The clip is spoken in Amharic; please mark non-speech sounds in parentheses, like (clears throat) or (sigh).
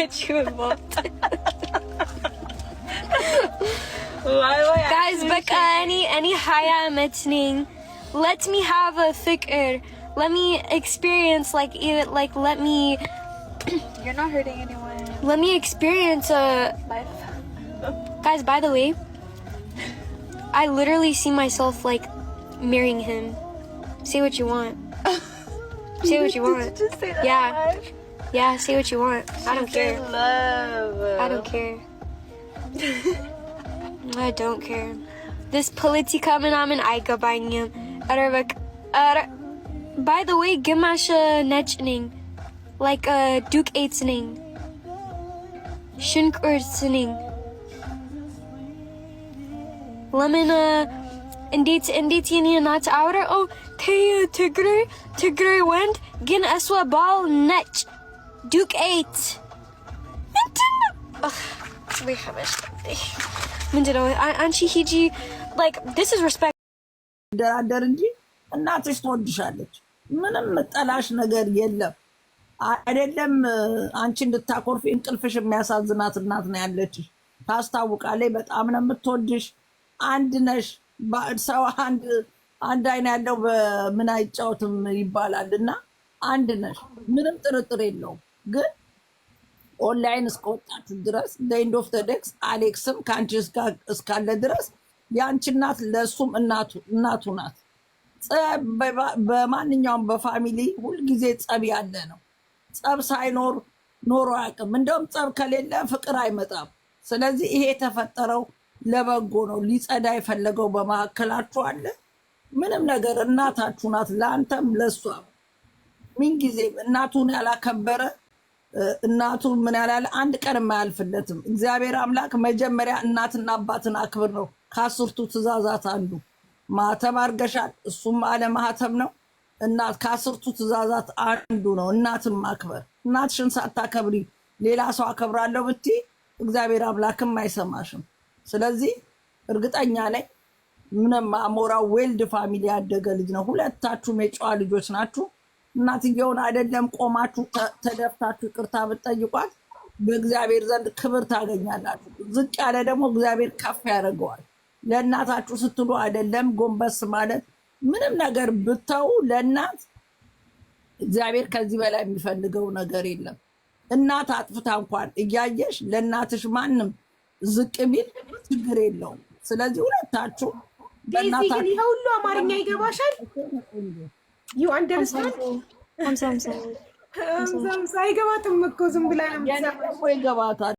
get you involved. guys, በቃ uh, any any ሀያ አመት ነኝ። Let me have a ፍቅር let me experience like even like let me (clears throat) you're not hurting anyone let me experience a uh, life guys by the way i literally see myself like marrying him say what you want (laughs) say what you want just say that yeah yeah, say what you want. I don't care. love. I don't care. (laughs) I don't care. This politikamın amin ayka banyum. Arabak. By the way, gimasha netching, Like a uh, Duke Aitsening. Shunk Urtsening. Lemon, እንዴት እንዴት የኔ ናት አውረ ኦ ተይ ትግሬ ትግሬ wind ግን eswa ባል ነጭ ዱቄት ምንድን አንቺ ሂጂ ደራደር እንጂ እናትሽ ትወድሻለች። ምንም ጠላሽ ነገር የለም። አይደለም አንቺ እንድታኮርፊ እንቅልፍሽ የሚያሳዝናት እናት ነው ያለችሽ። ታስታውቃለች። በጣም ነው የምትወድሽ። አንድ ነሽ። ሰው አንድ አንድ አይን ያለው በምን አይጫወትም ይባላል እና አንድ ነሽ፣ ምንም ጥርጥር የለውም። ግን ኦንላይን እስከወጣችሁ ድረስ ለኢንድ ኦፍ ተደክስ አሌክስም ከአንቺ እስካለ ድረስ የአንቺ እናት ለእሱም እናቱ ናት። በማንኛውም በፋሚሊ ሁልጊዜ ጸብ ያለ ነው። ጸብ ሳይኖር ኖሮ አያውቅም። እንደውም ጸብ ከሌለ ፍቅር አይመጣም። ስለዚህ ይሄ የተፈጠረው ለበጎ ነው። ሊጸዳ የፈለገው በመካከላችሁ አለ። ምንም ነገር እናታችሁ ናት፣ ለአንተም ለእሷ ምንጊዜም እናቱን ያላከበረ እናቱ ምን ያላለ አንድ ቀን የማያልፍለትም። እግዚአብሔር አምላክ መጀመሪያ እናትና አባትን አክብር ነው ከአስርቱ ትእዛዛት አንዱ። ማህተም አርገሻል እሱም አለ ማህተም ነው። እናት ከአስርቱ ትእዛዛት አንዱ ነው እናትን ማክበር። እናትሽን ሳታከብሪ ሌላ ሰው አከብራለሁ ብቲ እግዚአብሔር አምላክም አይሰማሽም። ስለዚህ እርግጠኛ ነኝ ምንም አሞራው ዌልድ ፋሚሊ ያደገ ልጅ ነው። ሁለታችሁም የጨዋ ልጆች ናችሁ። እናትየውን አይደለም ቆማችሁ ተደፍታችሁ ይቅርታ ብትጠይቋት በእግዚአብሔር ዘንድ ክብር ታገኛላችሁ። ዝቅ ያለ ደግሞ እግዚአብሔር ከፍ ያደርገዋል። ለእናታችሁ ስትሉ አይደለም ጎንበስ ማለት ምንም ነገር ብተው ለእናት እግዚአብሔር ከዚህ በላይ የሚፈልገው ነገር የለም። እናት አጥፍታ እንኳን እያየሽ ለእናትሽ ማንም ዝቅ የሚል ችግር የለውም። ስለዚህ ሁለታችሁ ይሄ ሁሉ አማርኛ ይገባሻል። ዩ አንደርስታንድ አይገባትም እኮ ዝም ብላ